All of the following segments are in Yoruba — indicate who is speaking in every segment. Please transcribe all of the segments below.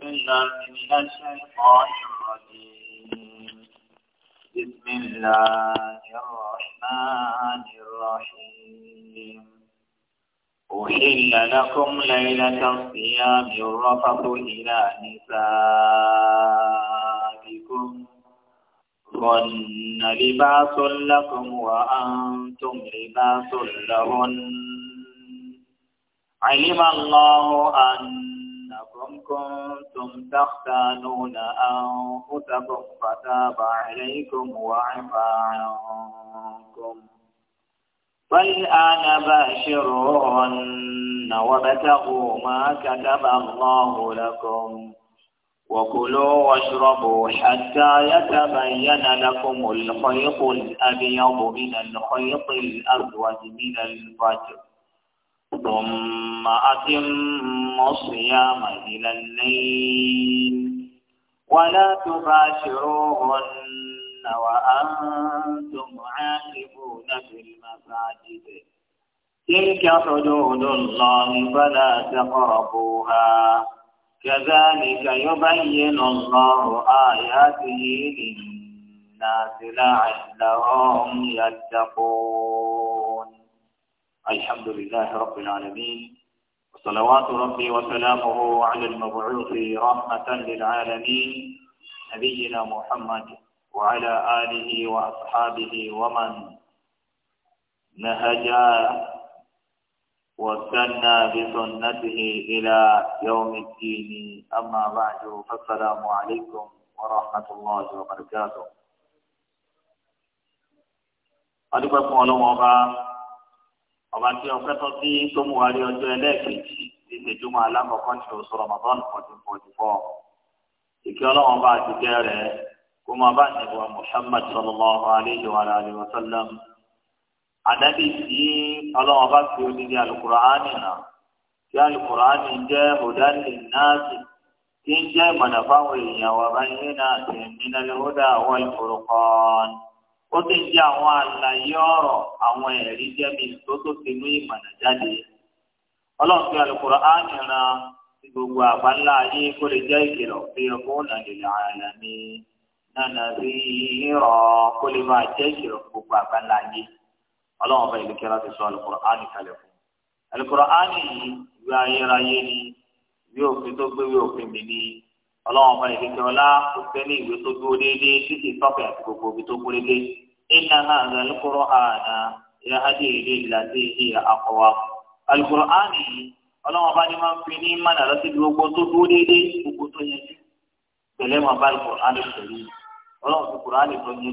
Speaker 1: بالله من الشيطان الرجيم بسم الله الرحمن الرحيم أحل لكم ليلة الصيام الرفث إلى نسائكم هن لباس لكم وأنتم لباس لهن علم الله أن إنكم كنتم تختانون أنفسكم فتاب عليكم وَعَفَا عنكم فالآن باشروهن وابتغوا ما كتب الله لكم وكلوا واشربوا حتى يتبين لكم الخيط الأبيض من الخيط الأسود من الفجر ثم ثم أتم الصيام إلى الليل ولا تباشروهن وأنتم عاقبون في المساجد تلك حدود الله فلا تقربوها كذلك يبين الله آياته للناس لعلهم يتقون الحمد لله رب العالمين صلوات ربي وسلامه على المبعوث رحمة للعالمين نبينا محمد وعلى آله وأصحابه ومن نهجا وسنى بسنته إلى يوم الدين أما بعد فالسلام عليكم ورحمة الله وبركاته. أدبكم الله ọba tí ọpẹ́ tó sí tó mú wa rí ọjọ́ ẹlẹ́ẹ̀kejì ní ìṣèjúmọ́ alákọ̀ọ́kọ́ ní oṣù rọmọdọ́nù fourteen forty four ìkẹ́ ọlọ́run bá ti jẹ́ rẹ̀ kó máa bá nìbọn muhammad sallallahu alayhi wa alayhi wa sallam ànábì tí ọlọ́run bá fi odidi alukuraani hàn tí alukuraani jẹ́ hudani náàsì tí ń jẹ́ mọ̀nà èèyàn wà báyìí náà ti ń nínú wọ́n ìfọ̀rọ̀kọ́ni ó sì jẹ́ àwọn àlàyé ọ̀rọ̀ àwọn ẹ̀rí jẹ́bi tó tó ti mú ìmọ̀nà jáde. ọlọ́run fi Al-Qur'ani ran ti gbogbo àgbáńlá ayé kó lè jẹ́ ìkìlọ̀ pé ọkùnrin náà ààlà ní nànà rí rọ̀ kó lè máa jẹ́ ìkìlọ̀ gbogbo àgbáńlá ayé. ọlọ́run ọba ìlú kẹra sọ Al-Qur'ani fún. Al-Qur'ani yìí ìwé ayérayé ni ìwé òfin tó gbé ìwé òfin mi ni ọlọ́run ọba ìdíje ọlá kò fẹ́ ní ìwé tó dúró déédéé títí tọ́pẹ̀ àti gbogbo ibi tó kú déédéé iná náà ń rẹ̀ lókòrò àná ìyá adé ìdí ìlàdé ìdí àkọwà. alukoro áàní ọlọ́run ọba ni máa ń fi ní mánà lọ́sí gbogbo tó dúró déédéé gbogbo tó yẹjú pẹ̀lẹ́ mọ́ bá alukoro áàní pẹ̀lú ọlọ́run fi kúrò áàní tó yẹjú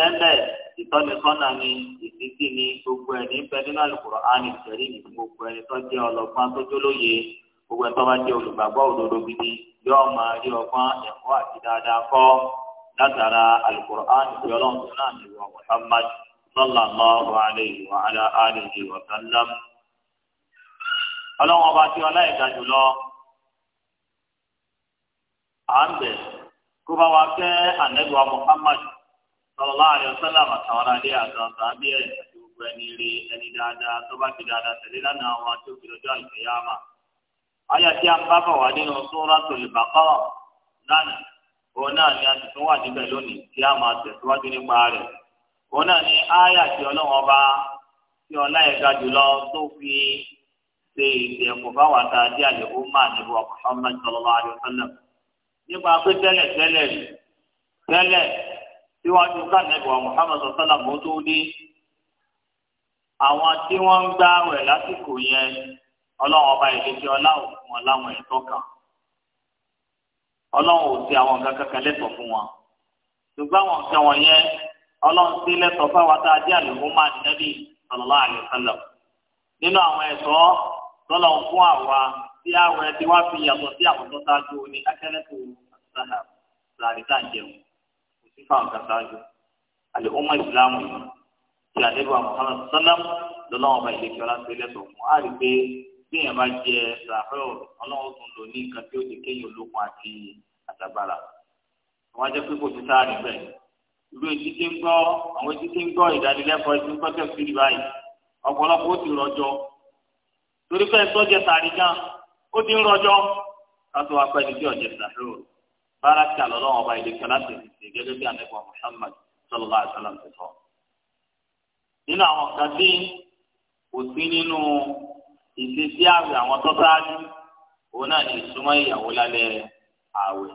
Speaker 1: yìí ìtọ́ni sọ́nà ni ìsìnkì ni gbogbo ẹ̀ ní bẹ́ẹ̀ nínú Al-Qur'ani Karim ní gbogbo ẹni tó jẹ́ ọlọ́gbọ́n tó jólóye gbogbo ẹni tó bá jẹ́ olùgbàgbọ́ òdodo gidi yóò máa rí ọgbọ́n ẹ̀kọ́ àti dáadáa kọ́ látara Al-Qur'ani ní ọlọ́run náà ní wọn Muhammad sallallahu alayhi wa ala kó bá wa fẹ́ ànẹ́gbà Muhammad. sallallahu alaihi wasallam àtàwọn aráàlú àtàwọn sàábì ẹ̀ gbogbo ẹni rí ẹni dáadáa tó bá ti dáadáa tẹ̀lé lánàá wọn tí
Speaker 2: a ń bá bọ̀ wá nínú O lánàá
Speaker 1: òun náà ni a ti tún wà lónìí tí a máa nípa òun náà ni fi ṣe máa nípa pé tẹ́lẹ̀ tẹ́lẹ̀ síwájú sànẹ́bù Muhammad sọ́sálà bó tó dé àwọn tí wọ́n ń gbá wẹ̀ lásìkò yẹn ọlọ́run ọba ìdíje ọláwọ̀ fún wọn láwọn ẹ̀tọ́ kan ọlọ́run ò sí àwọn nǹkan kankan lẹ́tọ̀ọ́ fún wọn ṣùgbọ́n àwọn nǹkan wọ̀nyẹn ọlọ́run sí lẹ́tọ̀ọ́ fáwọn tá a jẹ́ àlùkò máa nẹ́bí sallallahu alaihi wasallam nínú àwọn ẹ̀tọ́ tọ́lọ́run fún àwa tí àwẹ̀ tí wá fi yàtọ̀ sí àwọn tó ṣáájú ní akẹ́lẹ́kọ̀ọ́ àti sáà fáwọn kan ṣáájú àlè ọmọ ìsìláàmù yìí ti àdébà Muhammad sallam lọ́lọ́wọ́n ọba ìlẹ́kẹ́ ọlásẹ́ lẹ́sọ̀ fún wa rí pé bí èèyàn bá jẹ ràfẹ́ ọlọ́wọ́ tún lò ní nǹkan tí ó ti kéyìn olókun àti àtàgbàrà àwọn ajẹ́ pé kò ti sáà níbẹ̀ ìlú etí ti ń gbọ́ àwọn etí ti ń gbọ́ ìdánilẹ́kọ̀ọ́ etí ń gbọ́tẹ̀ sí báyìí ọ̀pọ̀lọpọ̀ ó ti rọjọ́ torí pé ẹ̀sọ́ jẹ sàrí gan ó ti ń rọjọ́ kátó apẹ́ni tí ọ̀jẹ̀ sàrí òòrùn báraka lọ́lọ́wọ́ ọba ìlú kẹlẹ́sì ti gẹ́gẹ́ bí anẹ́gbọ́n Muhammad sallallahu alaihi wasallam ti sọ. nínú àwọn kan tí kò sí nínú ìṣesí àwẹ̀ àwọn tó sáájú òun náà ní ìsúnmọ́ ìyàwó lálẹ́ àwẹ̀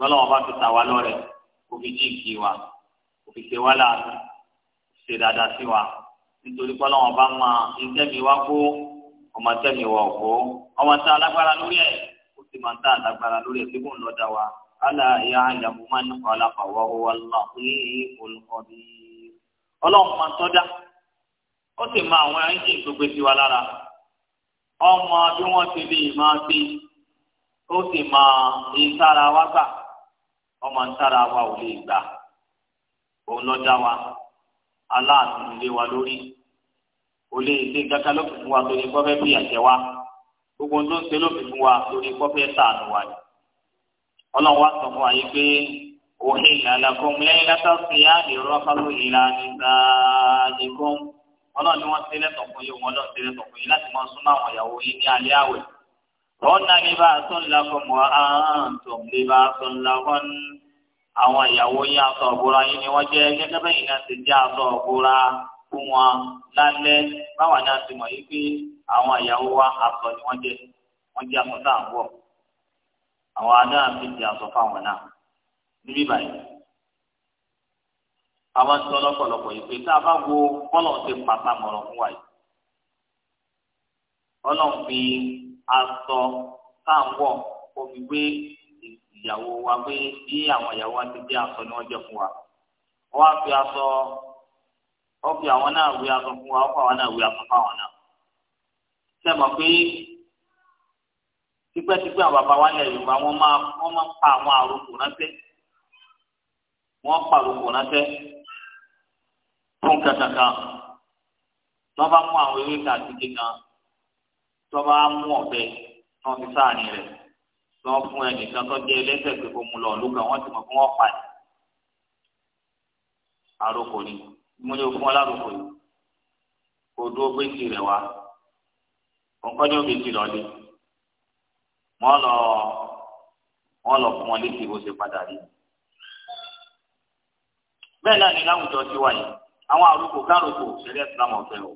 Speaker 1: lọ́lọ́wọ́ ọba ti tà wá lọ́rẹ̀ kó fi jí ìkì wa kó fi ṣe wá láàánú ṣe dáadáa sí wa nítorí pé ọba máa ń tẹ́mi wá kó ọmọ tẹ́mi wọ̀ kó ọmọ tẹ́ alágbára lórí ẹ̀ sì máa ń tà lágbára lórí ẹ̀ síbùn lọ́dà wa ala ya'lamu man khalaqa wa huwa al-latiful khabir. ọlọ́run máa ń tọ́já ó sì máa àwọn ẹ́ńjìn tó gbé sí wa lára ọmọ bí wọ́n ti lè máa fi ó sì máa ìtara wa gbà ọmọ ìtara wa ò lè gbà òun lọ́jà wa aláàtúndé wa lórí kò lè ṣe kankan lókùnkùn wa tó lè gbọ́ bí àjẹ wa gbogbo ń tó ń ṣe lófin wa lórí kọ́fẹ́ sàánù wa ni ọlọ́run wa sọ fún wa yìí pé òhìn ìlànà kan lẹ́yìn látàkùn yá ni rọ́pàlù ìlànà ìdájí kan ọlọ́run ni wọ́n ṣe lẹ́tọ̀ fún yìí wọ́n lọ́ọ́ ṣe lẹ́tọ̀ fún yìí láti máa súnmọ́ àwọn ìyàwó yìí ní alẹ́ àwẹ̀ ọ̀nà ní bá a sọ ńlá fún mọ́ àǹtọ̀ ní bá a sọ ńlá fún àwọn ìyàwó yìí aṣọ ọ̀bùra yìí ni wọ́n jẹ́ gẹ́gẹ́ bẹ́yìn náà ti jẹ́ aṣọ ọ̀bùra fún wọn lálẹ́ báwa náà ti mọ̀ yìí pé àwọn ìyàwó wa aṣọ ni wọn jẹ́ wọ́n jẹ́ aṣọ tá à ń àwọn di asọ fáwọn náà níbí báyìí àwọn sọ lọ́pọ̀lọpọ̀ yìí pé tá a bá wo bọ́lọ̀ ti pàtà fún wa yìí fi aṣọ tá à ń gbé ìyàwó wa bí àwọn wa ti jẹ́ asọ, ni fún wa á sẹ́mọ̀ pé tipẹ́tipẹ́ àwọn bàbá wa lẹ̀ yorùbá wọ́n máa wọ́n máa pa àwọn àròkò ránṣẹ́ wọ́n pa àròkò ránṣẹ́ fún kàkàkà wọ́n bá mú àwọn ewé kàkìkì kan tó bá mú ọ̀bẹ tó ń fi sáàrin rẹ̀ tó ń fún ẹnìkan tó jẹ́ ẹlẹ́sẹ̀ pé kò mú lọ lóka wọ́n ti mọ̀ fún wọn pa ẹ̀ àròkò ni mo ní o fún ọ láròkò yìí kò dúró gbé tirẹ̀ wá nǹkan ní omi ti lọlé wọn lọ wọn lọ fún wọn létí bó ṣe padà rí bẹ́ẹ̀ náà ni láwùjọ ti wáyé àwọn àrùkò kárùkò ṣẹlẹ ìsìlámù ọfẹ o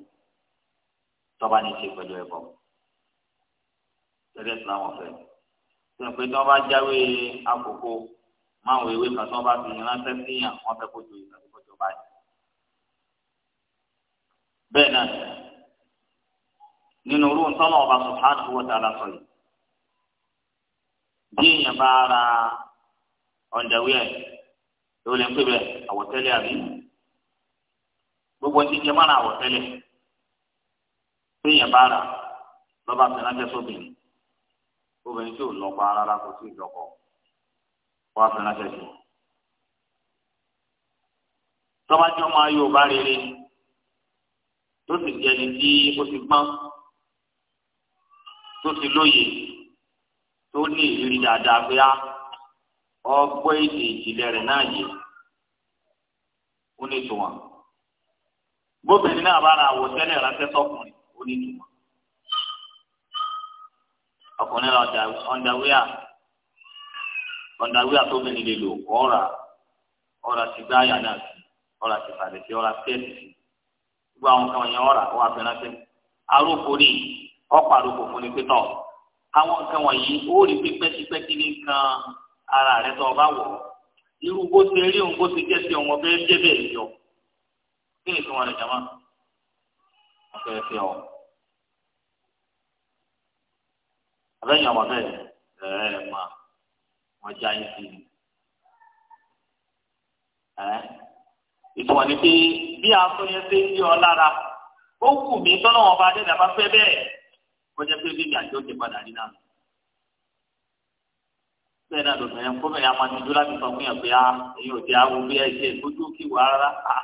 Speaker 1: tọba ní í ṣe pẹ̀lú ẹbọ ṣẹlẹ ìsìlámù ọfẹ ṣe pé tí wọn bá jáwé àkókò máwọn ewé kan tí wọn bá fi ránṣẹ́ síyàn wọn fẹ́ kó ju ìgbàlódé kọjọ báyìí bẹ́ẹ̀ náà ni nínú orú ntọ́nà ọba subhanahu wa ta'ala sọ yìí bí èèyàn bá ra ọ̀ndàwíẹ̀ tó lè ń pè bẹ́ẹ̀ àwọ̀tẹ́lẹ̀ àbí gbogbo ti jẹ́ mọ́ra àwọ̀tẹ́lẹ̀ bí èèyàn bá ra lọ́ba fẹ́ránṣẹ́ sóbìnrin obìnrin tí ò lọ́kọ rárá kò sí ìjọkọ̀ wá fẹ́ránṣẹ́ sí i máa yóò bá rere tó sì jẹ́ni tí ó ti gbọ́n tó ti lóye tó ní ìrírí dáadáa pé á ah, ọgbọ́ èdè ìjìnlẹ̀ rẹ̀ náà yé ó ní ìtumọ̀ bóbìnrin náà bá ra àwòtẹ́lẹ̀ ránṣẹ́ sọ́kùnrin ó ní ìtumọ̀ ọkùnrin ra ọ̀ndàwíà ọ̀ndàwíà tó bìnrin lè lò ọ̀rà ọ̀rà ti gbá àyà náà sí ọ̀rà ti fàlẹ̀ sí ọ̀rà tẹ́ẹ̀sì sí gbogbo àwọn kan yẹn ọ̀rà wà fẹ́ràn sí arúgbó nìyí ọ̀pọ̀ àrùkò fún ni pétọ̀ àwọn nǹkan wọ̀nyí ó rí pípẹ́sípẹ́sí ní nǹkan ara rẹ tó o bá wọ̀ irú bó ti rí òun bó ti jẹ́ sí ọmọ bẹ́ẹ̀ jẹ́ bẹ́ẹ̀ yọ kí ni ìtumọ̀ rẹ̀ jàmá wọ́n fẹ́ẹ́ fi ọ. abẹ́yìn ọmọ bẹ́ẹ̀ ẹ̀ẹ́ mà wọ́n já yín sí i. ìtumọ̀ ni pé bí aṣọ yẹn ṣe ń yọ ọ lára ó wù mí tọ́lọ́wọ́n bá dé dàbá fẹ́ bẹ́ẹ̀ wọ́n jẹ́ pé bíbí àjọ ti padà rí náà bẹ́ẹ̀ náà lòdùn yẹn kọ́mẹ̀ yà máa dúró láti sọ fún yàn pé ah, èyí ò ti àwọn bí ẹ ṣe ìgbójú kí wà rárá à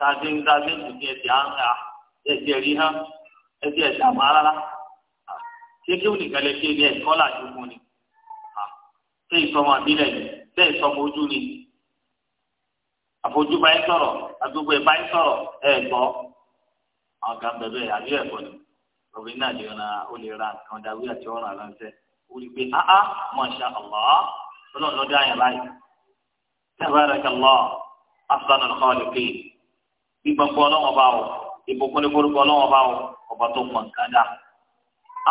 Speaker 1: tàbí tàbí ìdùnnú ẹ̀ ti à ń ra ah, ẹ̀ ti rí hàn ẹ̀ ti ẹ̀ ti àmọ́ rárá ah. ṣé kí ònìkan lè ṣe ilé ẹ̀kọ́ làjú fún ni ṣé ìsọmọ àbílẹ̀ ni bẹ́ẹ̀ ìsọmọ ojú ni àfojú báyìí sọ̀rọ̀ àdúgbò báyìí sọ̀rọ̀ ẹ̀ gbọ́ àwọn kan bẹ̀rẹ̀ àbí ẹ̀kọ́ ni obìnrin náà lè ra ó lè ra nǹkan dàwí àti ọ̀ràn àlọ́ńtẹ́ ó rí i pé áá masha Allah ọlọ́run lọ́dọ̀ àyàn báyìí tabarakallah ahsanul khaliqin gbígbọ́n pọ̀ ọlọ́wọ́n bá wọ ìbùkún ní forúkọ ọlọ́wọ́n bá wọ ọba tó mọ̀ nǹkan dá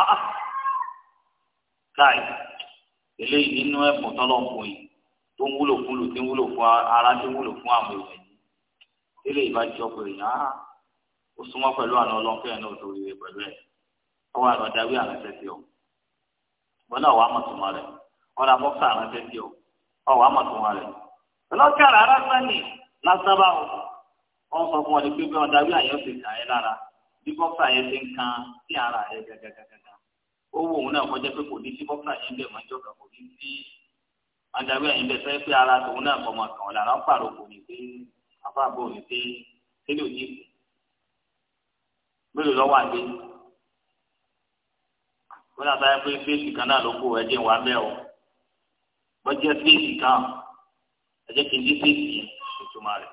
Speaker 1: áá káì eléyìí nínú ẹ̀bùn tọ́lọ́ọ̀kùn yìí tó ń wúlò fún lù tí ń wúlò fún ara tí ń wúlò fún àwọn èèyàn yìí eléyìí bá jọ pé èèyàn ó súnmọ́ pẹ̀lú àná ọlọ́pẹ́ náà torí rẹ̀ pẹ̀lú ẹ̀ ọwọ́ àrùn ọ̀dàwí o sí ọ wọn náà wàá mọ̀túnmọ́ rẹ̀ o àmọ́fà àránṣẹ́ sí ọ ọ wàá o rẹ̀ ọlọ́kàrà arásán ni lásán bá wọn wọn sọ fún ọ ní pé bí ọ̀dàwí àyẹ̀wò bí bọ́ksà yẹn ti ń kan sí ara rẹ̀ gàgàgàgàgà ó wù òun náà kọjá pé kò ní sí bọ́ksà yẹn bẹ̀ máa ń jọ̀kà kò ní sí ọ̀dàbí ẹ̀yìn bẹ̀ sẹ́yìn pé ara tòun náà kọ̀ máa kàn ọ́ lára ń pààrọ̀ kò ní pé àfáàbò ní pé tẹ́lẹ̀ òní ìkù mélòó lọ́wọ́ àgbẹ̀ wọn náà báyìí pé fèsì kan náà ló kù ẹjẹ wà mẹ o bọjẹ fèsì kan ẹjẹ kì í dí fèsì yẹn ìtumọ̀ rẹ̀.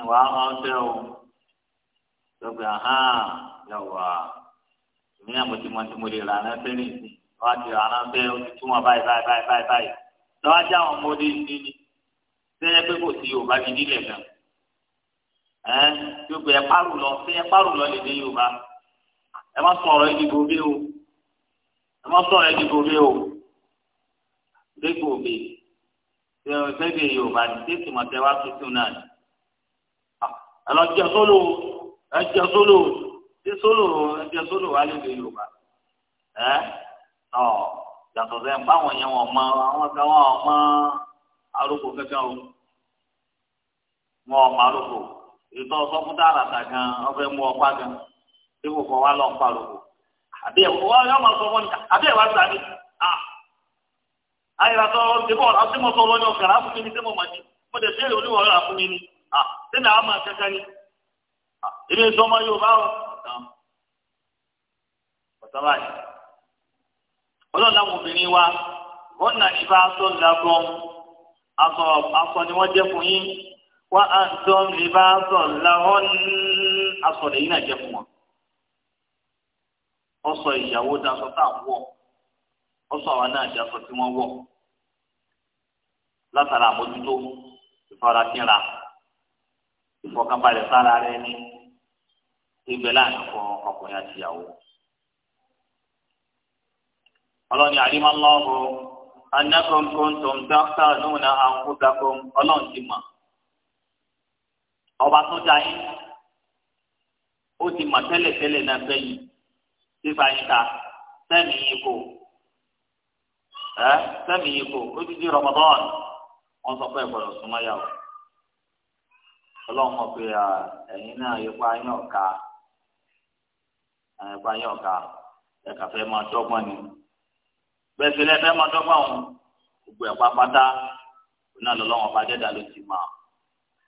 Speaker 1: ìwà ọ̀sẹ̀ o lọ́gbẹ̀ ahán yàwá èmi náà mo ti mọ tí mo lè rà ránṣẹ́ ní ìsìn wọ́n á ti rà ránṣẹ́ ó ti túmọ̀ báyìí báyìí báyìí báyìí lọ́wọ́ ajá àwọn ọmọdé ìsìn ni sẹ́yìn pé kò sí Yorùbá gidi lẹ̀ gan-an ẹ gbogbo ẹ kparu lọ fi ẹ kparu lọ lédè yorùbá ẹ má sọ̀rọ̀ ẹdìgbò bí o ẹ má sọ̀rọ̀ ẹdìgbò bí o dégbò bí ẹ gbẹgbẹ yorùbá ní tètè wá tuntun náà ẹ lọ jẹ sólò ẹ jẹ sólò tí sólò ẹ jẹ sólò wá lédè yorùbá ẹ ọ yàtọ̀ sẹ́ ń bá wọn yẹn wọn mọ àwọn kan wọn mọ arúgbó o wọn mọ arúgbó ìtọ́ sọ́kútà àràtà gan ọbẹ̀ mú ọpá gan tí kò kọ́ wá lọ pa lóko àbí ẹ̀kọ́ wá yọ máa sọ fún mi àbí ẹ̀wá gbà mí à ayẹyẹ sọ ṣe bọ̀ ọ̀rọ̀ símọ̀ sọ lọ́yọ̀ kẹrẹ àfún mi ní símọ̀ màdì mo dẹ̀ sí èrè oníwọ̀ ọ̀rọ̀ àfún mi ní sínú àwọn máa kẹ́kẹ́ ni èmi ń sọ ọmọ Yorùbá o ọ̀tọ́ báyìí ọlọ́run láwọn obìnrin wa wọ́n nà ní aṣọ wá àtọ́m lè bá sọ̀ láwọn asọ̀rọ̀ yìí náà jẹ́ fún wọn. ó sọ ìyàwó daṣọ tá à ń wọ̀ ó sọ àwọn náà daṣọ tí wọ́n wọ̀ látara àmójútó ìfarakínra ìfọkànbalẹ̀ sára rẹ ní ibẹ̀ láàrin fún ọkùnrin àti ìyàwó. ọlọ́ni àrímọ́ lọ́wọ́ anákọ̀ọ́kọ́ ọba tó da yín ó ti mọ̀ tẹ́lẹ̀tẹ́lẹ̀ náà fẹ́ yìí fífa yín ta sẹ́mi yín kò ẹ́ sẹ́mi yín kò ó ti di Ramadan wọ́n sọ pé ìgbọ̀dọ̀ súnmọ́ yà wò ọlọ́run mọ̀ pé ẹ̀yin náà ipa yín ọ̀ka ipa yín ọ̀ka ẹ̀ka fẹ́ máa dọ́gbọ́n ni bẹ́ẹ̀ sì lẹ́ẹ̀ fẹ́ máa dọ́gbọ́n òun gbogbo ẹ̀ pápátá náà lọ́lọ́run ọba dẹ́dà ló ti máa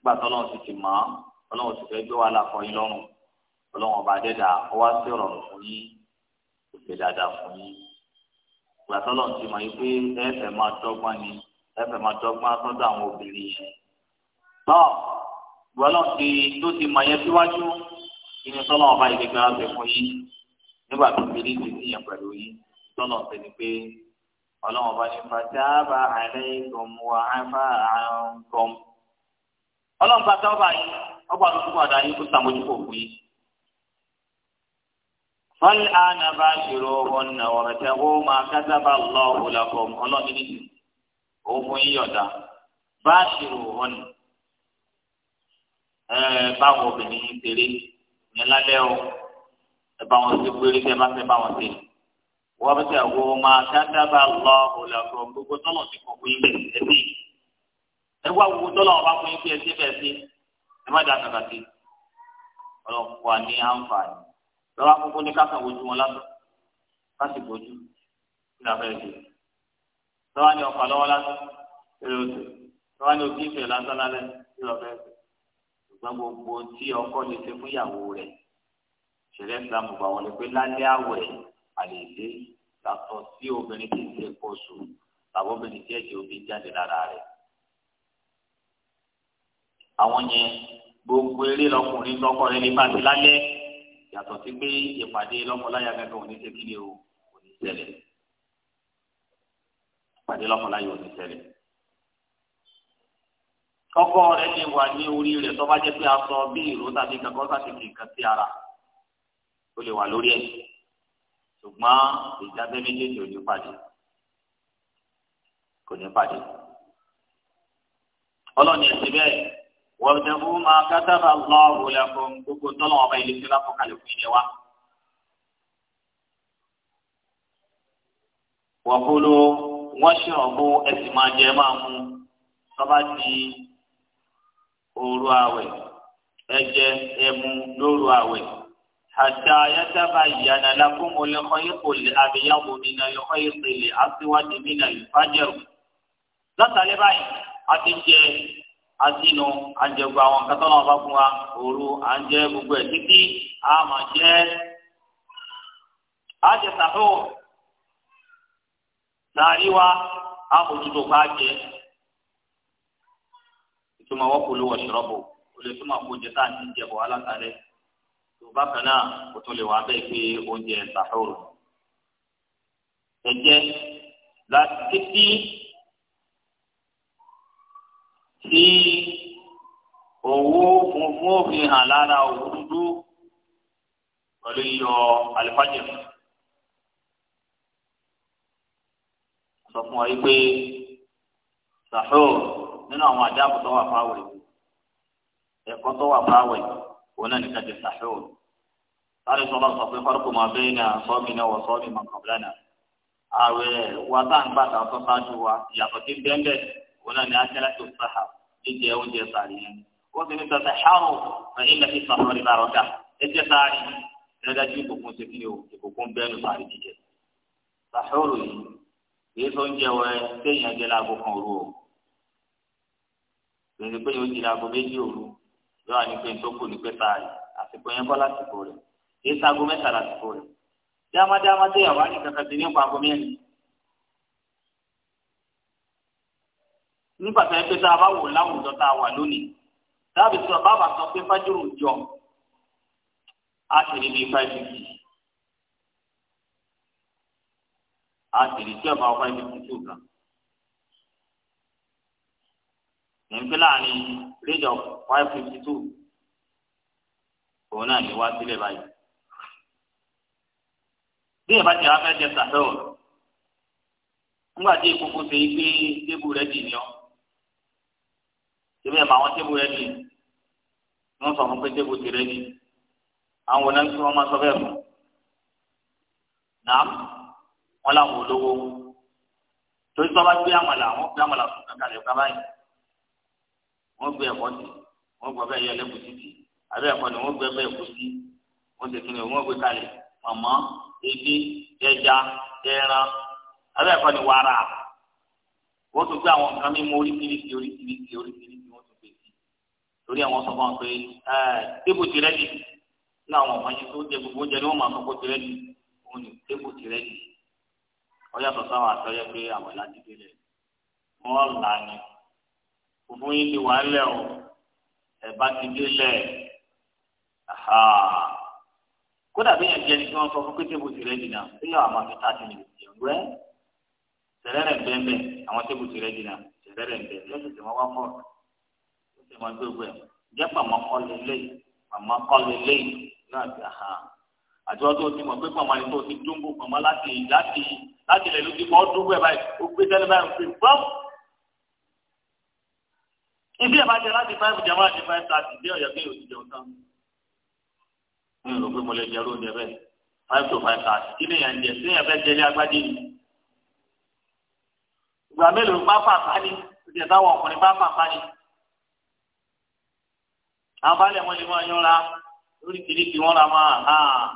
Speaker 1: nígbà tó ọlọ́run ti ti mọ̀ ọ́ ọlọ́run ti fẹ́ gbé wàhálà fọyín lọ́rùn ọlọ́run ọba dẹ́dà ọ wá sí ọ̀rọ̀ fún yín kò ṣe dáadáa fún yín ìgbà tó ọlọ́run ti mọ̀ yín pé ẹ̀fẹ̀ máa dọ́gbọ́n ni ẹ̀fẹ̀ máa dọ́gbọ́n sọ́dọ̀ àwọn obìnrin yẹn tọ́ ìgbà ọlọ́run ti tó ti mọ̀ yẹn síwájú ìní sọ́nà ọba ìgbẹ́gbẹ́ ọ̀sẹ̀ fún yín nígbà tó fi rí ìdí yẹn pẹ̀lú yín sọ́nà ọ̀sẹ̀ ni pé ọlọ́run ọba ní fatáàbà àlẹ́ ìgbọ̀n wà á fà ọlọ́run bá tọ́ba yìí ọgbà tó túbọ̀ dá yín kó sàmójúkò òkú yìí. wọ́n lé àná bá ṣòro ọ̀nà ọ̀rẹ́ tẹ ó máa kásábà lọ òlàkọ̀ ọlọ́run ní òfin yíyọ̀dá bá ṣòro ọ̀nà báwọn obìnrin yìí ṣeré yẹn lálẹ́ o ẹ bá wọn ṣe péré tẹ bá fẹ́ bá wọn ṣe wọ́n bẹ tẹ wo máa kásábà lọ òlàkọ̀ gbogbo tọ́lọ̀ ti kọ̀ fún yín ẹ wá wo tọ́lọ̀ ọba fún yín pé ẹ ṣe bẹ́ẹ̀ sí ẹ má dà kàkà sí ọlọ́pàá ní àǹfààní lọ́wọ́ akókó ní káfíń wojú wọn lásán káṣí bójú ní abẹ́rẹ́ ṣe lọ́wọ́ ní ọ̀pá lọ́wọ́ lásán èrè oṣù lọ́wọ́ ní òbí ìfẹ́ lásán lálẹ́ ní ọ̀bẹ́ ṣùgbọ́n gbogbo tí ọkọ lè ṣe fún ìyàwó rẹ̀ ṣẹlẹ̀ ìsìlámù bá wọlé pé lálẹ́ àwẹ̀ àlèlé yàtọ̀ sí obìnrin tí ń ṣe kóṣù tàbí obìnrin tí ẹ̀jẹ̀ omi jáde lára rẹ̀ àwọn yẹn gbogbo eré lọkùnrin lọkọrin ní bá ti lálẹ́ yàtọ̀ sí pé ìpàdé lọ́kọláya gẹ́gẹ́ òní ṣe kí ni o òní ṣẹlẹ̀ ìpàdé lọ́kọláya òní ṣẹlẹ̀ kọkọ rẹ lè wà ní orí rẹ tó bá jẹ pé aṣọ bí ìró tàbí kankan tàbí kankan sí ara ó lè wà lórí ẹ ṣùgbọ́n ìjábẹ méjèèjì ò ní pàdé kò ní pàdé ọlọ́ni ẹ̀sìn bẹ́ẹ̀ wabtagu ma kataba Allahu lakum gbogbo tọ́lọ̀ ọba ìlú tí wọ́n kọ́kàlẹ̀ fún ilé wa. wa kulu washrabu ẹ̀sìn máa jẹ máa mú tọ́ba ti òru àwẹ̀ ẹ̀jẹ̀ ẹ̀mú lóru àwẹ̀. حتى يتبين لكم الخيط الأبيض من الخيط الأسود من الفجر. لا تلبي أتجي asinu àjẹ gbogbo àwọn nǹkan tọ́lọ́ bá fún wa òru àjẹ gbogbo ẹ̀ títí a máa jẹ́ sàfó sàárì wa a kò tutù pa àjẹ ìtumọ̀ wọ́n kò ló wọ̀ ṣọ́rọ́bù o lè túmọ̀ kó jẹ tá à ń ti jẹ bọ̀ alákàlẹ̀ tó bá kan náà o tún lè wà bẹ́ẹ̀ pé oúnjẹ sàfó rẹ̀ ẹ̀jẹ̀ láti títí tí owó funfun òfin hàn lára òwú dúdú pẹ̀lú yíyọ àlùfájìrì. sọ fún wa yìí pé sàhó nínú àwọn àdáàbò tó wà fáwọ̀ yìí ẹ̀kọ́ tó wà fáwọ̀ yìí òun náà nìkan ti sàhó. sáré sọlá sọ pé fárúkú máa bẹ́ẹ̀ ní àsọ́ọ̀mì náà wọ̀ sọ́ọ̀mì máa kàn náà. ààrẹ wa tá à ń gbà tá a tọ́ sáájú wa ìyàtọ̀ ti bẹ́ẹ̀ bẹ́ẹ̀ wọn náà ní akẹ́lẹ́tò sáà jíjẹ oúnjẹ sàárì yẹn wọ́n ti ní sọ́sẹ̀ ṣáàrù ẹ̀yìn lẹ́sìn sàmúlò nípa àrọ́jà ẹ̀jẹ̀ sàárì ẹ̀rẹ́dájú ìkòkun ṣe kí ni o ìkòkun bẹ́ẹ̀nu sàárì jíjẹ. sàṣọ́rù yìí kìí sọ oúnjẹ wẹ téèyàn jẹ láago kan òru o lèyìn pé yóò di láago méjì òru yóò wá ní pé tó kù ní pé sàárì àsìkò yẹn kọ́ lásìkò rẹ̀ kìí sago mẹ́ta lásìkò rẹ̀ dáadáa téèyàn wá ní kankan ti ní pa ago mẹ́rin nígbà tó yẹ pé tá a bá wò láwùjọ tá a wà lónìí dábì sọ bàbá sọ pé fájúrò jọ á sì rí bíi five fifty á sì rí tí ọba five fifty two kan nígbà láàrin rédíò five fifty two òun náà ní wá sílẹ̀ báyìí bí ìbá ti afẹ́ jẹ sàfẹ́ o nígbà tí ìkókó ṣe é gbé débù rẹ dì ní ọ síbẹ̀ ẹ̀ mọ àwọn tébù yẹn ni wọ́n sọ fún pé tébù tèrè ni àwọn wọlé tí wọ́n máa sọ bẹ́ẹ̀ mọ́ nàá wọ́n làwọn olówó torí tí wọ́n bá gbé àmàlà wọ́n gbé àmàlà fún kankan lẹ́kọ́ báyìí wọ́n gbé ẹ̀kọ́ sí wọ́n gbọ́ bẹ́ẹ̀ yẹ lẹ́kùsí sí àbẹ́ ẹ̀kọ́ ni wọ́n gbé bẹ́ẹ̀ kú sí wọ́n ti kíni wọ́n gbé kalẹ̀ mọ̀mọ́ ebi ẹja ẹran àbẹ́ ẹ̀kọ́ ni wàrà wọ́n tún gbé àwọn nǹkan mímú oríṣiríṣi oríṣiríṣi oríṣiríṣi torí àwọn sọ fún wa pé ẹ tébù tirẹ̀ di ní àwọn ọ̀fọ̀nyí tó jẹ gbogbo oúnjẹ ni wọ́n máa sọ pé tirẹ̀ di òun ni tébù tirẹ̀ di ọyá sọ̀tọ̀ àwọn àtọ́yẹ pé àwọn ìlà ti délẹ̀ wọ́n là ní fúnfún yín ti wà lẹ̀ o ẹ̀ bá ti délẹ̀ kódà bí yẹn jẹ́ ní kí wọ́n sọ fún pé tébù tirẹ̀ di náà bí yàrá máa fi tá ti nìyẹn jẹun rẹ́ tẹ̀rẹ̀rẹ̀ bẹ́ẹ̀ bẹ́ẹ̀ àwọn tébù tirẹ̀ di náà tẹ̀rẹ̀rẹ̀ bẹ́ẹ̀ ṣe wọn gbogbo ẹ̀ jẹ́ pàmò kọ́lé lẹ́yìn pàmò kọ́lé lẹ́yìn náà ti hàn àti wọn tó ti mọ̀ pé pàmò àyè tó ti dúnbò pàmò láti láti láti ilẹ̀ ló ti mọ̀ ọ́ dúnbò ẹ̀ báyìí ó gbé tẹ́lẹ̀ báyìí ó fi bọ́m. ibi ẹ̀ bá jẹ láti five jama àti five thirty bí ọ̀yọ́ kéèyàn ti jẹun tán. mi ò rò pé mo lè jẹ lóúnjẹ bẹ́ẹ̀ five to five thirty kí ni ìyàn sí ìyàn fẹ́ jẹlé agbájé yìí. ìgbà mélòó bá fà fani ìjẹta wọ ọkùnrin bá fà fani àwọn baálẹ̀ wọn lè máa yanra lórí kìrìkì wọn ra máa hàn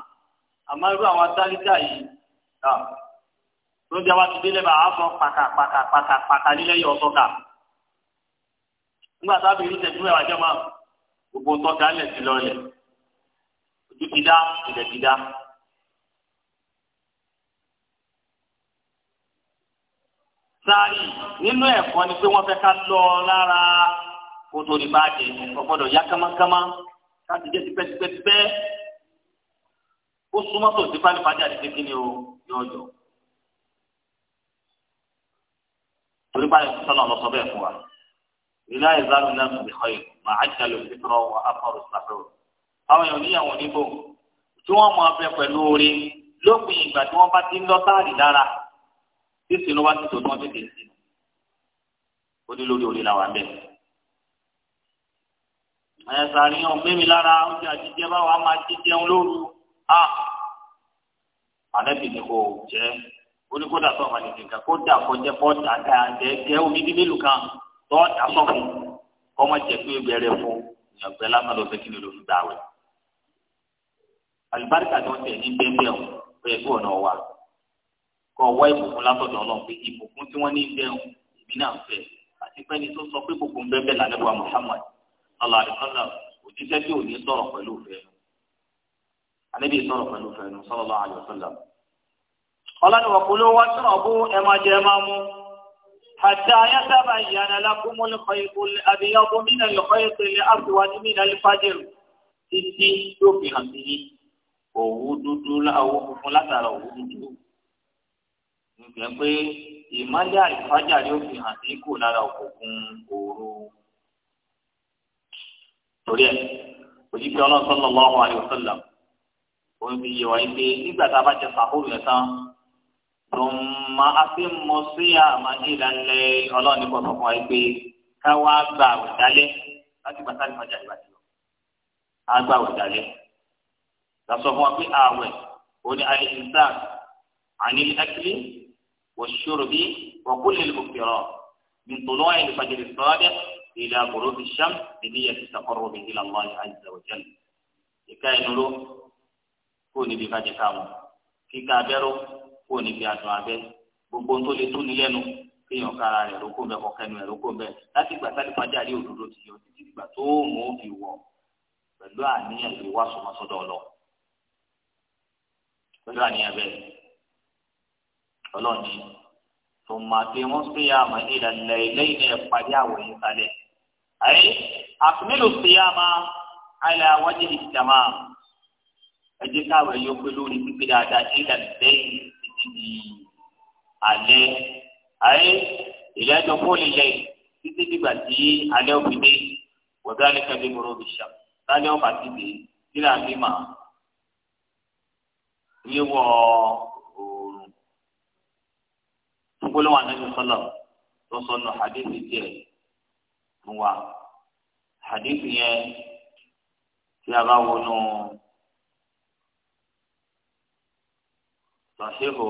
Speaker 1: àmọ́ irú àwọn tálíkà yìí lóde àwọn ti délé bá a sọ pàkà pàkà pàkà pàkà nílẹ̀ yọ sọ́kà nígbà tá a bẹ̀rù tẹ̀sí mẹ́wàá jẹ́ máa gbogbo tọ́ka lẹ̀ sí lọ́lẹ̀ ojú ti dá ilẹ̀ ti dá. sáárì nínú ẹ̀kọ́ ni pé wọ́n fẹ́ ká lọ lára kó tó di báàdì kò gbọ́dọ̀ yá kámákámá láti jẹ́ tipẹ́tipẹ́tipẹ́ ó súnmọ́ tó ti fáwọn ìfàjà àti kékeré o yóò yọ. torí báyìí kò sọ́nà ọlọ́sọ bẹ́ẹ̀ fún wa ìlà ìzánu náà ti kọ́ yìí mà á jẹ́ lórí fífọ́ wà á kọ́ ọ̀rọ̀ àwọn èèyàn níyàwó níbò tí wọ́n máa fẹ́ pẹ̀lú orin lópin ìgbà tí wọ́n bá ti ń lọ sáàrì lára tí sinú ti tò tí wọ́n ti dé sínú ó ní lórí orin làwọn bẹ́ẹ̀ ẹ̀sàríyàn gbẹ́mi lára oúnjẹ àjíjẹ báwa máa jíjẹun lóru a àlẹ́bí ni kò jẹ́ oníkódà tó ọ̀gá nìkan kó dà kọjá bọ́ dàda jẹ́ jẹ́ omi bíbí lù kan tó dà sọ̀kùn kọ́ má jẹ́ pé bẹ̀rẹ̀ fún ìyàgbẹ́ lámàlú ọ̀sẹ̀ kí ni ló ń gbà wẹ̀. àlùbáríkà tó ń tẹ̀ ní bẹ́ẹ̀ o pé ẹgbẹ́ ọ̀nà wa kọ́ ọwọ́ ìbùkún látọ̀dọ̀ ọlọ́run pé ìbùkún tí wọ́n ní bẹ́ẹ̀ ìbí náà fẹ́ àti pẹ́ni tó sọ pé gbogbo bẹ́ẹ̀ bẹ́ẹ̀ lálẹ́ wa Allah àdìsọ́nà òjíṣẹ́ tí ò ní sọ̀rọ̀ pẹ̀lú ìfẹ́ ànábì sọ̀rọ̀ pẹ̀lú ìfẹ́ nu sallallahu alaihi wasallam. ọlọ́dúnwà kò ló wá sọ̀rọ̀ bó ẹ máa jẹ máa mú hatta yatabayyana lakumul khaytul abyadu minal khaytil aswadi minal fajr títí yóò fi hàn sí òwú dúdú láwọ funfun látara òwú dúdú nígbà pé ìmọ́lẹ̀ àlùfájà yóò fi hàn sí kò lára òkùnkùn òru torí ẹ òjijì ọlọ́run sallallahu alaihi wasallam òun fi yẹ wá yìí pé nígbà tá a bá jẹ sàkóòrò yẹn tán tòmá afẹ́mọ sí àmà ìlànà ọlọ́run nípa ọ̀sán fún wa yìí pé ká wá gba àwẹ̀ dálẹ́ láti gbà sáré mọ́jà ìgbà lọ. á gba àwẹ̀ dálẹ́ lọ́sọ̀ fún wa pé àwẹ̀ òní àlẹ́sìnsá àní akílí wọ́n ṣòro bí wọ́n kó lè lè kó fìrọ̀ bìntòlọ́wọ́ ẹ̀ إلى غروب الشمس بنية التقرب إلى الله عز وجل ìka ẹnu ló kó níbi ìbàjẹ́ káàmù kíka abẹ́rọ́ kó níbi àdùn abẹ́ gbogbo tó lè tó ní lẹ́nu kéèyàn kára rẹ̀ ló kó bẹ́ẹ̀ kọ́kẹ́nu rẹ̀ ló kó bẹ́ẹ̀ láti gbà sáré fàjà rí òdodo ti yọ títí ìgbà tó mú fi wọ̀ pẹ̀lú àníyàn lè wá sọmọsọdọ̀ lọ pẹ̀lú àníyàn bẹ́ẹ̀ ọlọ́ọ̀ni tòun máa fi wọ́n sí àmọ́ ìlànà ilé ilé ìpàdé àwòyìn kalẹ̀. أي أكمل الصيام على وجه التمام أجل كاوة يقولون في هذا إلى الليل عليه أي إلى دخول الليل títí dìgbà tí alẹ́ òfin dé wọ́dọ̀ alẹ́ kẹ́bí gbòòrò bí sàm lálẹ́ ọ̀bà ti dé nílà bí mà ní wọ oòrùn gbólóhùn sọlọ tó sọnù àdéhùn tiẹ̀ ń wà hadith yẹn tí a bá wọnú tàṣíhù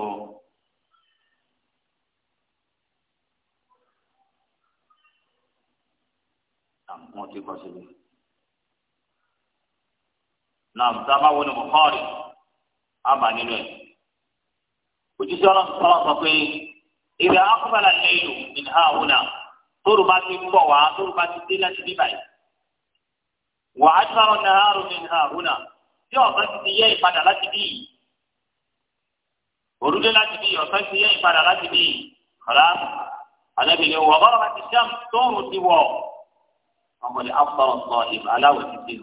Speaker 1: àwọn tí kò síbi náà tí a bá wọnú Bukhari a bá nínú ẹ òjíṣẹ́ ọlọ́run sọ́wọ́n sọ pé ìrẹ̀ akọ́bàlà lẹ́yìn ìhà náà tóru bá ti ń bọ̀ wá tóru bá ti dé láti dé báyìí. wà á sọ̀rọ̀ nàárọ̀ ní àrùnà bí ọ̀sán ti ti yẹ ìpadà láti bí yìí. òrùlé láti bí ọ̀sán ti yẹ ìpadà láti bí yìí. kọ́lá alábìlẹ̀ wọ̀ bọ́rọ̀ láti sàm tóorùn ti wọ̀. ọmọdé afọ̀rọ̀ sọ ìbá aláwọ̀ ti dé.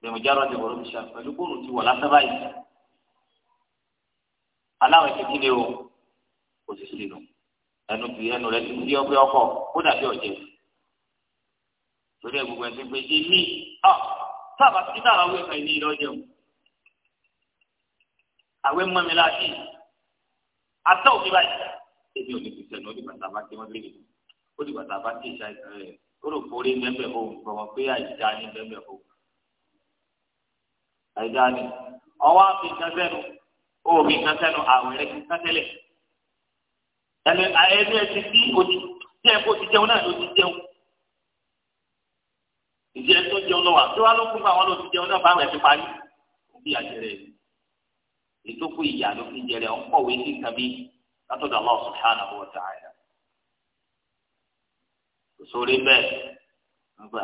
Speaker 1: bẹ̀rù járọ̀ ti wọ̀rọ̀ bíṣà pẹ̀lú kóorùn ti wọ̀ lásán báyìí. aláwọ̀ ti dé o kò sì sí nù ẹnu fi ẹnu rẹ ti di ọgbẹ ọkọ kó dàbí ọjẹ torí ẹ gbogbo ẹsẹ pé èmi ọ sábà tí dára wẹ fẹ ní ìlọjẹ o àwẹ mọ mi láti atọ òbí báyìí èmi ò ní fi sẹnu ó di bàtà bá ti wọn lé ó di bàtà bá ti ìṣá ìṣá rẹ ó rò pé orí gbọmọ pé àìjá ní mẹfẹ òun àìjá ní ọwọ́ àfi kan òbí kan sẹ́nu àwẹ̀rẹ̀ ẹni ẹni ẹni tí o ti jẹ kó ti jẹun náà ló ti jẹun ìdí ẹni tó jẹun lọ wà tó wà ló kún fún àwọn ló ti jẹun náà fáwọn ẹbí parí òbí àjẹrẹ ètò kó ìyá ló fi jẹrẹ ọkọwé sí kàbí látọ̀dọ̀ Allah subhanahu wa ta'ala kò sórí bẹ́ẹ̀ nígbà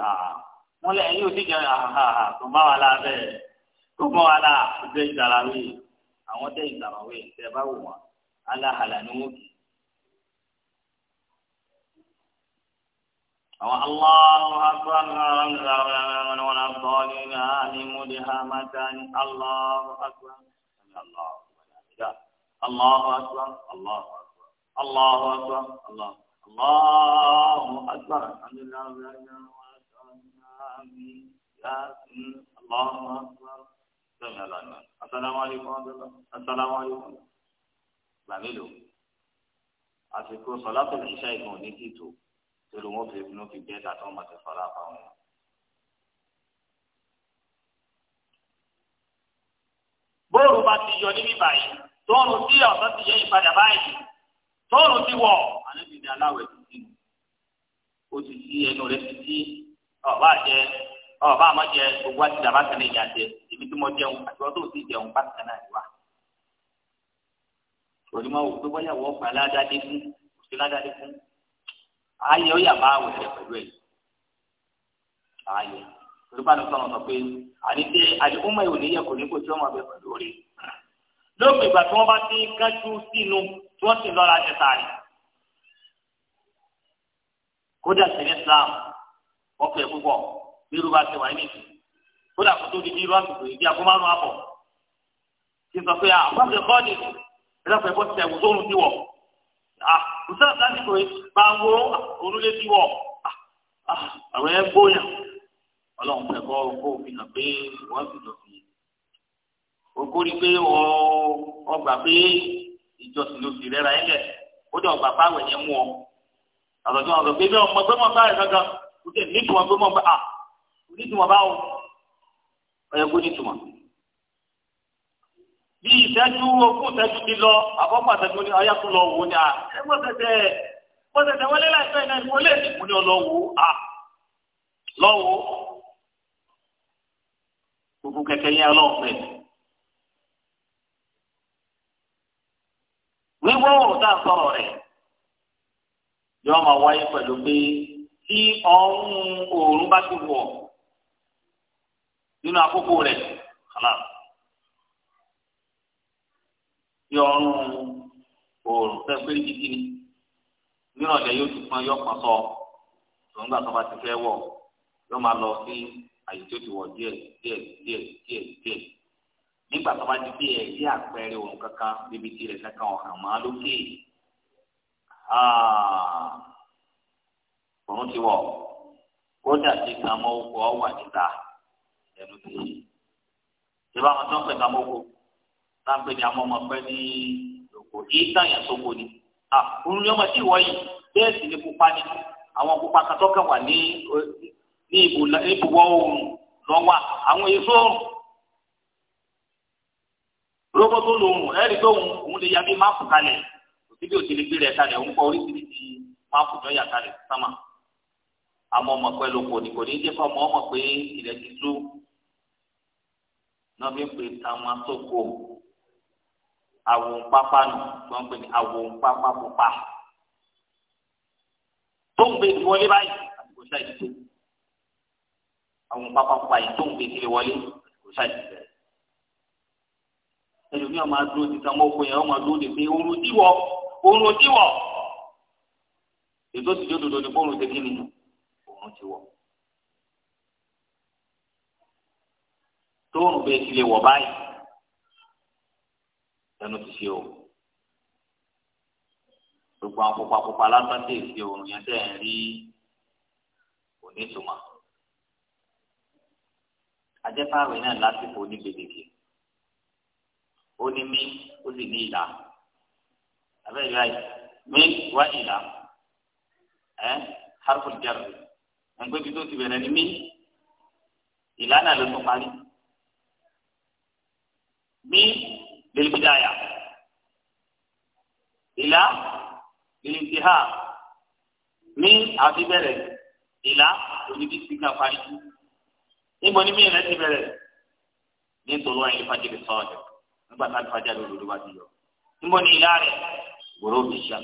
Speaker 1: wọn lẹ ẹni òsì jẹun àhàhà tó bá wà láà bẹ́ẹ̀ tó bá wà láà ọjọ́ ìgbàlá wí àwọn tẹ ìgbàlá wí tẹ bá wù wọn aláhàlà ni wọn kì í. أو الله أكبر من ولا الضالين هذه مدهمة الله أكبر الله أكبر الله أكبر الله أكبر الله أكبر الله الله أكبر الحمد لله رب العالمين الله أكبر سمع الله السلام عليكم ورحمة الله السلام عليكم بعمله أتذكر صلاة العشاء يكون نتيجه torí wọn fi inú fi jẹ́ dàtọ́ wọn ti fara pa wọn. bóòlù bá ti yọ níbí báyìí tóòrù tí ọ̀sán ti yẹ ìpadà báyìí tóòrù ti wọ̀ ànábì ní aláwẹ̀ títí o ti sí ẹnu rẹ títí ọba jẹ ọba àmọ́ jẹ gbogbo àti dàbá kan ní ìyá jẹ èmi tí mo jẹun àti wọn tó ti jẹun bá kan náà wà. onímọ̀ wò pé wọ́n pa aládàá dé fún òṣèlú aládàá dé fún ayẹ ó yà bá àwẹ̀ rẹ̀ pẹ̀lú ẹ̀ ayẹ olùkọ́ni sọ̀rọ̀ sọ pé àdìsẹ́ àdìkúnmọ̀ ìwò níyẹ kò ní kó tí wọ́n máa bẹ pẹ̀lú rẹ̀ lópin ìgbà tí wọ́n bá ti kájú sínú tí wọ́n sì lọ́ra jẹ sáré kódà sẹ́yìn Islam wọ́n fẹ́ púpọ̀ bí irú bá ti wà níbi kódà kó tó di bí irú àtúntò ìdí àgọ́ márùn-ún àbọ̀ kí n sọ pé àwọn àgbẹ̀ kọ́ọ̀dì ẹ̀rọ fẹ́ bọ́ ti ẹ̀wù Ah, ọ̀sán lásìkò yìí máa wo orúlé tí wọ̀ ah, ah, àwọn ẹ̀ bóyá ọlọ́run fẹ́ kọ́ kó fi hàn pé wọ́n sì lọ fi okori pé ọgbà pé ìjọsìn ló fi rẹ́ra ẹ̀lẹ̀ o dẹ̀ ọgbà pàwẹ̀ yẹn mú ọ àtọ̀tún àwọn ọ̀gbẹ́ bí ọmọ gbẹ́mọ̀ bá rẹ̀ gangan kò tẹ̀ nítumọ̀ gbẹ́mọ̀ bá a ah, nítumọ̀ bá o ọ̀yẹ́ kó nítumọ̀ bí ìtẹ́jú ogún ìtẹ́jú ti lọ àbọ̀pọ̀ àtẹ́jú ní ọyá tó lọ wò ní à ẹ mọ̀ tẹ̀tẹ̀ mọ̀ tẹ̀tẹ̀ wọlé láìpẹ́ náà ni mo lè dìbò ní ọlọ́wọ́ a lọ́wọ́ gbogbo kẹ̀kẹ́ yẹn ọlọ́ọ̀fẹ́. wíwọ́ òun tá a sọ̀rọ̀ rẹ̀ yóò máa wáyé pẹ̀lú pé tí ọ̀hún òòrùn bá ti wọ̀ nínú àkókò rẹ̀ kàlá bí ọrùn oòrùn fẹ́ pé kíkí ni nírọ̀lẹ́ yóò tún pọn yọ̀pọ̀ sọ lọ́ngbà tó bá ti fẹ́ wọ̀ yóò máa lọ sí àyè tó ti wọ̀ díẹ̀ díẹ̀ díẹ̀ díẹ̀ díẹ̀ nígbà tó bá ti fi ẹ̀ bí àpẹẹrẹ oòrùn kankan bíbi tí rẹ̀ kankan ọ̀hàn máa lókè oòrùn ti wọ̀ kódà tí kàmọ́ oko wà níta ẹnu tèyí. ìbámu tó ń pè kàmọ́ oko sáńpé ni àwọn ọmọ pẹ́ ní lòkò yìí tàyàn sóko ni àkùnrin ni ọmọ tí ìwọ yìí bẹ́ẹ̀ sì ni pupa ni àwọn pupa kàtọ́ kan wà ní ní ibùwọ̀ oòrùn lọ́wọ́ àwọn èso oòrùn roboto lòrùn ẹ̀rí tó òun òun lè ya bí máàpù kalẹ̀ òsì bí òsì lè gbé rẹ̀ kalẹ̀ òun kọ́ oríṣiríṣi máàpù tó yà kalẹ̀ sámà àmọ́ ọmọ pẹ́ lóko ni kò ní jẹ́ kọ́ ọmọ ọmọ pé ilẹ̀ ti tú náà fi ń pè táwọn awo pápá nù wọn gbé ní awo pápá pupa tó ń gbé ìwọlé báyìí àsìkò sáà yìí tó awo pápá pupa yìí tó ń gbé ìkiri wọlé àsìkò sáà yìí bẹ̀rẹ̀ ẹlòmíà máa dúró ti sàn mọ́ òkun yẹn wọ́n máa dúró de pé oorun díwọ̀ oorun díwọ̀ ètò ìdíjọ́ dodo ni bóorun ṣe kí ni oorun díwọ̀. tóorùn bẹ́ẹ̀ ti lè báyìí ẹnu ti ṣe o gbogbo àwọn pupa pupa lásán tẹ̀ ṣe òrùn yẹn tẹ̀ ń rí òní ìtumọ̀ ajẹ́pàwé náà lásìkò ní gbèdéke ó ní mí ó sì ní ìlà abẹ́rẹ́ ìlà yìí mí wá ìlà ẹ́ harful jar ẹgbẹ́ bí tó ti bẹ̀rẹ̀ ní mí ìlà náà ló tún parí mí. بالبداية إلى بالانتهاء من àti bẹ̀rẹ̀ إلى oníbi síkà parí níbo ni míì rẹ ti bẹ̀rẹ̀ nítorí wọn yìí fàjẹrẹ sọọdẹ nígbà tá a ti fàjẹrẹ olórí wa ti yọ níbo ni ìlà rẹ gbòòrò mi ṣá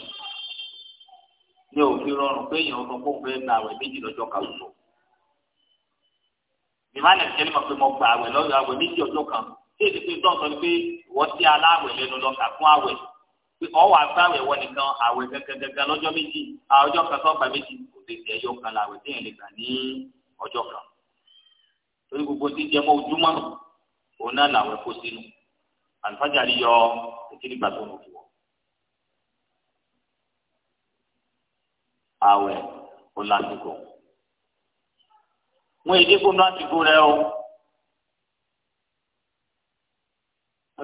Speaker 1: ní òfin rọrùn pé èèyàn ọkọ kóun fẹẹ gba àwẹ̀ méjì lọ́jọ́ kan lọ ìmọ̀ àlẹ́ mọ̀ pé mo gba àwẹ̀ lọ́jọ́ àwẹ̀ méjì ọjọ́ kan lọ tí èdè pé tọ́sọ pé wọ́n ti aláwẹ̀ lẹ́nu lọ kà fún àwẹ̀ pé ọ̀ wà gbàwẹ̀ wọ nìkan àwẹ̀ gẹ́gẹ́gẹ́ lọ́jọ́ méjì ọjọ́ kan sọ́gbà méjì kò lè tẹ̀ yọ kan làwẹ̀ téèyàn lè gbà ní ọjọ́ kan torí gbogbo tí jẹ mọ́ ojúmọ́ òun náà làwẹ̀ kó sínú àlùfáàjà rí yọ ìkíni gbà tó nù àwẹ̀ ò lásìkò wọn èdè kó lásìkò rẹ o.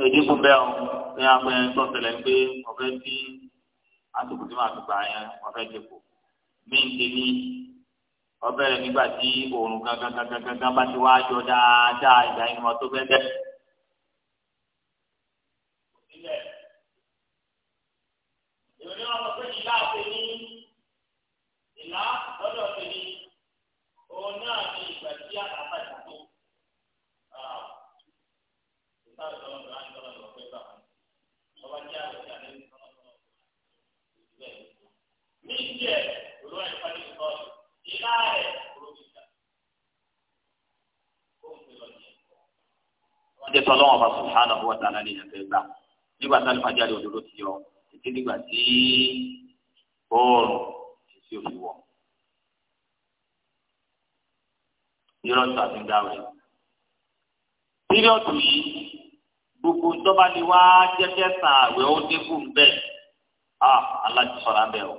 Speaker 1: ìdínkù bẹ́ẹ̀ o ní apẹ́ tọ́sẹ̀lẹ̀ pé ọ̀fẹ́ tí àtùkù tí màá fi gbà yẹn ọ̀fẹ́ dìbò mí ń tẹ̀lé ọbẹ̀rẹ̀ nígbà tí oòrùn gangan gangan gangan bá ti wá yọ dáadáa ìgbà yẹn ni wọ́n tó fẹ́ bẹ́ẹ̀. tọ́lọ́wọ́n bá subhanahu wa ta'ala lè yàn fẹ́ gbà nígbà tá alifájáde òdodo ti yọ títí nígbà tí oòrùn ti òfi wọ̀. yíròtù àti gbàwé. pírọ̀tù yìí gbogbo tọ́ba ni wá jẹ́jẹ́ sàn àwẹ̀ ó dínkù bẹ́ẹ̀ a alájọsọ̀rọ̀ abẹ́ o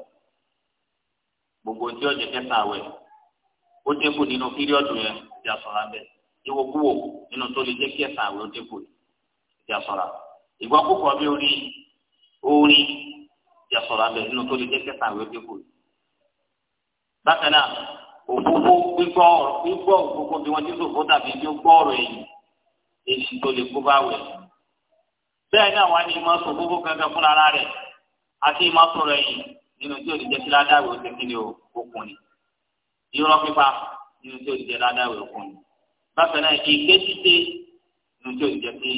Speaker 1: gbogbo tí jẹ́jẹ́ sàn àwẹ̀ ó dínkù nínú pírọ̀tù yẹn ìjà sọ̀rọ̀ abẹ́ ìwòkúwò nínú tó lè jẹ́ kí ẹ̀sán àwẹ̀ ó dínkù ìjà sọ̀ra ìgbọ́ púpọ̀ bí orí orí ìjà sọ̀ra bẹ̀ nínú tó lè jẹ́ kí ẹ̀sán àwẹ̀ ó dínkù. bákan náà òfófó gbígbọ́ ọ̀rọ̀ gbígbọ́ òfófó bí wọ́n ti sòfó tàbí bí ó gbọ́ ọ̀rọ̀ ẹ̀yìn èyí tó lè kó bá wẹ̀. bẹ́ẹ̀ náà wá ní ìmọ̀ sòfófó kankan fún ara rẹ̀ àti ìmọ̀ sọ̀rọ̀ ẹ̀yìn nínú tí ò lè jẹ́ ó ti kí ni okùnrin. irọ́ pípa nínú tí ò lè jẹ́ ládàá bákan náà ike ṣíṣe ló tó ìjẹ pé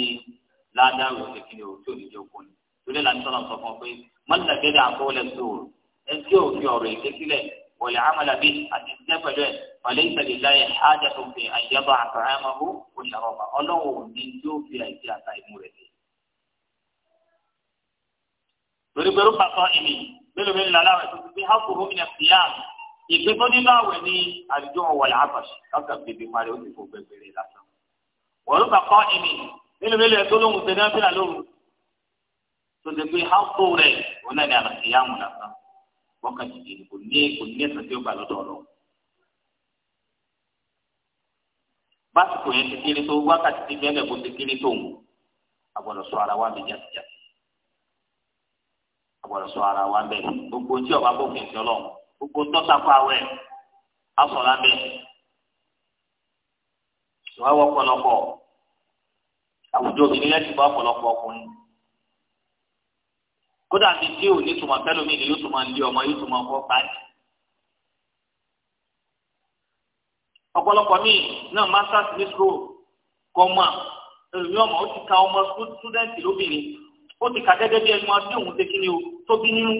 Speaker 1: ládàá rò ṣe kí ni o tó ìjẹ kù ni torí làǹtí ọ̀nà sọ fún ọ pé mọ́tàgẹ́dẹ́ àkọọ́lẹ̀ sóòrò ẹ tí ò fi ọ̀rọ̀ èké sílẹ̀ wọlé amala bí àti ṣiṣẹ́ pẹ̀lú ẹ̀ wàlẹ́ ìtàlẹ̀ láyé ájà tó fi àyẹ̀bọ̀ àkàràmọ́hó kò ṣàrọ̀bà ọlọ́wọ́ ní tí ìpè tó nínú àwẹ̀ ní àdìjọ wọlé àbàṣì lọ́sàn bèbè parí ó ti fò gbẹgbẹrẹ lásán. wọ́n ló bá kọ́ ẹ̀mí nínú ilé ẹ̀ tó lóhùn ṣe náà fìlà lóru tó ti pé háùtó rẹ̀ òun náà ní àlàkè yá mú lásán wọ́n kà jìjì kò ní kò ní ẹ̀sán tí ó gbà lọ́dọ̀ ọ̀lọ́. básìkò yẹn ti kéré tó wákàtí ti bẹ́ẹ̀ kó ti kéré tó ń àgbọ̀dọ̀ sọ ara wa bí jàtijàti àgbọ̀dọ̀ sọ ara wa bẹ́ẹ̀ gbogbo tí ọba bófin ti ọlọ́run gbogbo tọ́sàkọ àwẹ̀ asọ̀rọ̀ abẹ́ wọ́n wọ́ pọ̀lọpọ̀ àwùjọ obìnrin yẹn ti bọ́ pọ̀lọpọ̀ ọkùnrin kódà ti tí ò ní tùmọ̀ fẹ́lómi ni yóò tùmọ̀ lé ọmọ yóò tùmọ̀ kọ́ báyìí. ọ̀pọ̀lọpọ̀ míì náà masters ní school kọ́ mọ́ ẹlòmí ọmọ ó ti ka ọmọ student lóbìnrin ó ti ka gẹ́gẹ́ bí ẹni wọn tí òun ṣe kí ni o tó bí nínú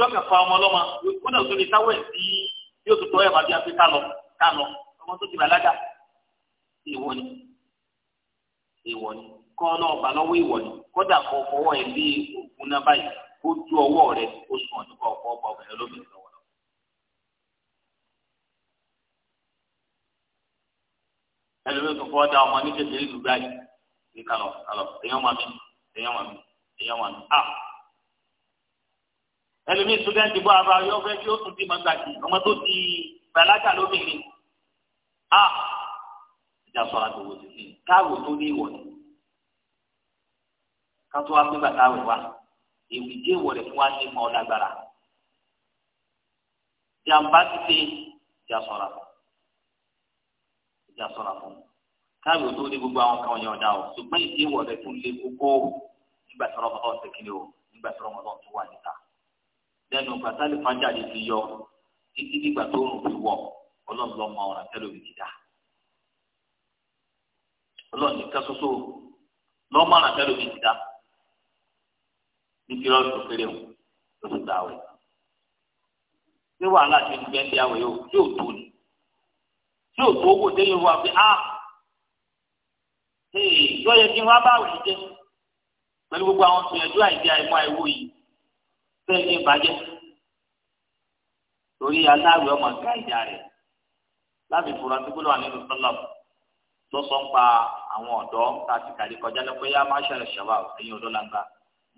Speaker 1: yóò kẹ́ fa ọmọ ọlọ́mọ kódà tó lè táwọ̀ ẹ̀ sí yóò tó tọ́ ẹ̀ bàbí àfi ká lọ ká lọ ọmọ tó ti bàlágà ìwọ ni ìwọ ni kọ́ náà bà lọ́wọ́ ìwọ ni kódà kọ́ fọwọ́ ẹ̀ lé òkun náà báyìí ó ju ọwọ́ rẹ̀ ó sùn ọ̀dún kọ́ ọ̀pọ̀ ọ̀pọ̀ ọ̀bẹ̀rẹ̀ lómìnira wọn. ẹlòmíràn tó fọwọ́ da ọmọ ní kékeré lùgbà yìí ní kálọ̀ kálọ̀ èèyàn wà mí èèyàn ẹlòmíì sùdẹ́ǹtì bọ́ àbá yọ fẹ́ kí ó tún ti máa gbàgbé ọmọ tó ti gbàlágà lómìnir a ìjà sọ àtòwò títí káàwó tó ní ìwọ̀ ni kátó wá pípa káàwó wa èwì dé ìwọ̀ rẹ̀ fún wa ní ìmọ̀ ọ̀dàgbàrà jàǹbá ti ṣe ìjà sọ̀rọ̀ fún ìjà sọ̀rọ̀ fún káàwó tó ní gbogbo àwọn kan yẹn ọ̀dà o ṣùgbọ́n ìdí ìwọ̀ rẹ̀ tún lé kókó nígbà tí ọmọdé ọ̀sẹ̀ kiri o nígbà tí ọmọdé ọ̀sẹ̀ wà níta lẹ́nu pàtàlì fájáde ti yọ títí dìgbà tó rùn fi wọ̀ ọlọ́ọ̀lọ́ ọmọ ọ̀ràn tẹ́lẹ̀ òbí ti dá ọlọ́ọ̀ni ká soso lọ́mọ ọ̀ràn tẹ́lẹ̀ òbí ti dá nítorí ọ̀sùn kéré o ló ti gbà wẹ̀ ṣé wàhálà ti ń bẹ́ẹ̀ ń dáwẹ̀ yóò yóò tó ni yóò tó owó déyìn wá pé a ah! yóò yẹ kí wọ́n bá wẹ̀ jẹ́ pẹ̀lú gbogbo àwọn tó yẹ ju àìjẹ́ àìmọ́ àìwò yìí sẹ́yìn ìbàjẹ́ torí aláwẹ̀ ọmọ nǹkan ìjà rẹ̀ láti fura tó gbọ́dọ̀ nínú sọ́lọ̀ ló sọ ń pa àwọn ọ̀dọ́ tá a ti kàdé kọjá lọ pé yá má ṣẹlẹ̀ ṣẹ̀wá ẹ̀yin ọ̀dọ́ làǹgbà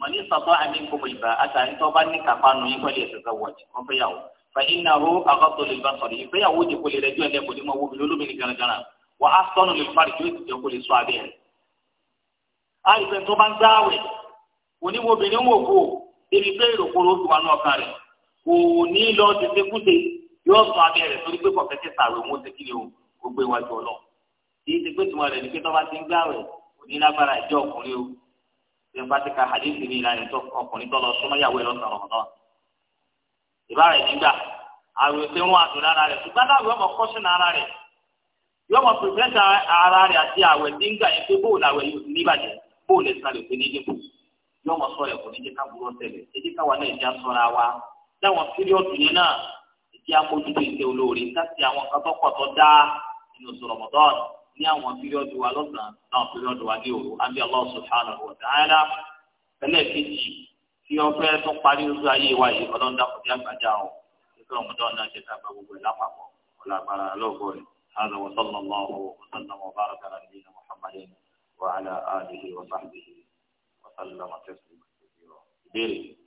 Speaker 1: mọ̀ ní sọ́tọ́ àmì ń gbogbo ìgbà àtàrí tó bá ní kàpánu yín pẹ̀lú ẹ̀sẹ̀ sọ wọ̀tí wọ́n fẹ́ yàwó fẹ̀yìn náà ro akọ́tọ̀ lè bá sọ̀rọ̀ yìí fẹ́yàwó jẹ́ kó lè rẹ́jú ẹ̀ lẹ́kọ̀ọ́ ní mọ̀ wo bìnrin olómìnir garagara wà á sọ́nù lè fari tó jẹ́ kó lè sọ abẹ́ rẹ̀. àìsàn tó bá ń dáwẹ̀ oníwobìnrin wò kú débi pé ìròkòrò oṣù wa náà kan rẹ̀ kò ní lọ tètè kúte yóò sọ abẹ́ rẹ̀ torí pé kọ̀ọ̀kẹ́ ti sàrò mọ́ tẹ́kìlì o gbogbo iwájú ọlọ́ kì í ti pé tùmọ̀ rẹ̀ ní pé tọ́ba ti ń gbààwẹ̀ kò ní lágbára ìjọ ọkùnrin o ìjọba ti ka hadithi ní ìlànà tó ọkùnrin tó lọ súnmọ́ ìyàwó ẹ̀ lọ́sàn-án ọ̀nà ìbára ẹ̀ nígbà àwẹ̀ pé wọ́n àdùn lára rẹ̀ ṣùgbọ́n láwùjọ ọmọ kọ́ṣìn ara rẹ̀ yóò mọ pèsè ara rẹ̀ àti àwẹ̀ nígbà yẹn pé bóòlù àwẹ̀ yóò ní ìbàjẹ́ bóòlù ẹ̀sán lè fi ní ìdìbò yóò mọ sọ̀rọ̀ ẹ̀kọ́ níjẹ́ ká burú ọ̀sẹ̀lẹ̀ ẹ̀jẹ̀ káwa náà ẹ̀jẹ̀ sọ̀ra wa láwọn píríọ̀dù yẹn náà ẹ̀jẹ̀ amójútó ìṣe olóore láti àwọn kan tó pọ̀ tó dá nínú Ramadan ní àwọn píríọ̀dù wa lọ́sàn-án náà píríọ̀dù wa ní òru àbí Allah subhanahu wa ta'ala pẹ̀lẹ́ kejì tí wọ́n fẹ́ tó parí ojú ayé wa yìí ọlọ́dà kò ní àgbàjá o nípa Ramadan náà ṣe ká gba gbogbo ẹ̀ lápapọ̀ وعلى اله وصحبه وسلم تسليما كثيرا.